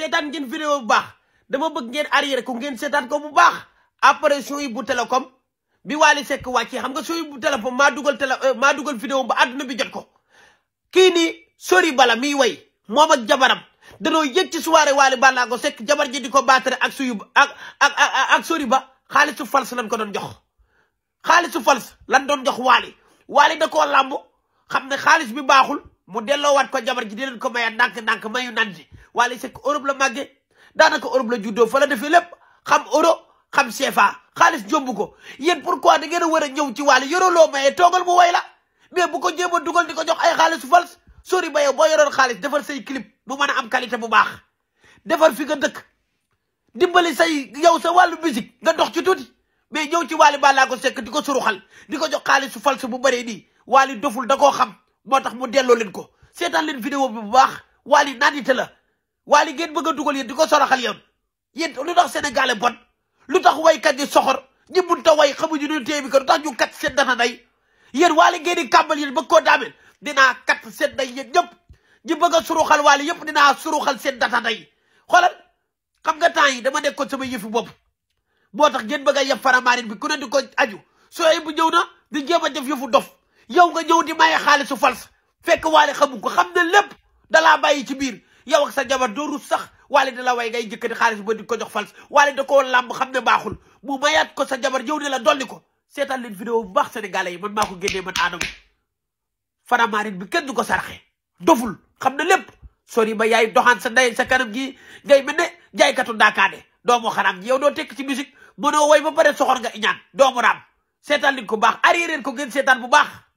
seetaan ngeen vidéo bu baax dama bëgg ngeen arrière ko ngeen seetaan ko bu baax après sooy bu télécom bi Waly Seck wàccee xam nga sooy bu téléphone maa dugal télé euh, maa dugal vidéo ba àdduna bi jot ko kii nii sori bala miy way moom ak jabaram danoo yëg ci soirée Waly Ballago Seck jabar ji di ko baatare ak suyu ak ak ak sori ba xaalisu fals lañ ko doon jox xaalisu fals lan doon jox Waly Waly da ko làmb xam ne xaalis bi baaxul mu delloowaat ko jabar ji di leen ko maye ndànk-ndànk mayu nan ji Waly Seck Europe la màggee daanaka Europe la juddoo fa la defee lépp xam Europe xam CFA xaalis jóbbu ko yéen pourquoi da ngeen a war a ñëw ci wàll yoroo loo maye toogal mu way la mais bu ko jéem a dugal di ko jox ay xaalis fals sori ba yow boo yoroon xaalis defar say clip bu mën a am qualité bu baax defar fi nga dëkk dimbali say yow sa wàllu musique nga dox ci tuuti mais ñëw ci Wally Ballago Seck di ko suruxal di ko jox xaalis fals bu bare ni Wally doful da koo xam moo tax mu delloo leen ko seetaan leen vidéo bi bu baax Wally naanite la Wally ngeen bëgg dugal yéen di ko soroxal yoon yéen lu tax Sénégalais bon lu tax waykat yi soxor ñi bunta way xamuñu ne téye micro lu tax ñu kat seen dana nay yéen waali ngeen di kàmbal yéen bëgg koo daameel dinaa kat seen day yéen ñëpp ñi bëgg suruxal waali yëpp dinaa suruxal seen data day xoolal xam nga temps yi dama nekkoon sama yëfi bopp boo tax ngeen bëgg a yeb faramaarin bi ku ne di ko aju soo bu ñëw na di jéem a def yëfu dof yow nga ñëw di maye xaalisu fals fekk waale xamu ko xam ne lépp dalaa bàyyi ci biir yow ak sa jabar doo rus sax waale di la way ngay jëkkati xaalis ba di ko jox fals waale da koo làmb xam ne baaxul mu mayaat ko sa jabar ñëw ne la dolli ko seetaan leen vidéo bu baax sénégalais yi man maa ko génnee man Adama faramaarin bi kenn du ko saraxe doful xam na lépp sori ba yaay doxaan sa ndey sa kanam gi ngay mel ne jaaykatu ndaakaane doomu xaraam yow doo tekk ci musique mënoo way ba pare soxor nga iñaan doomu raam seetaan leen ko baax arrière ko ngeen seetaan bu baax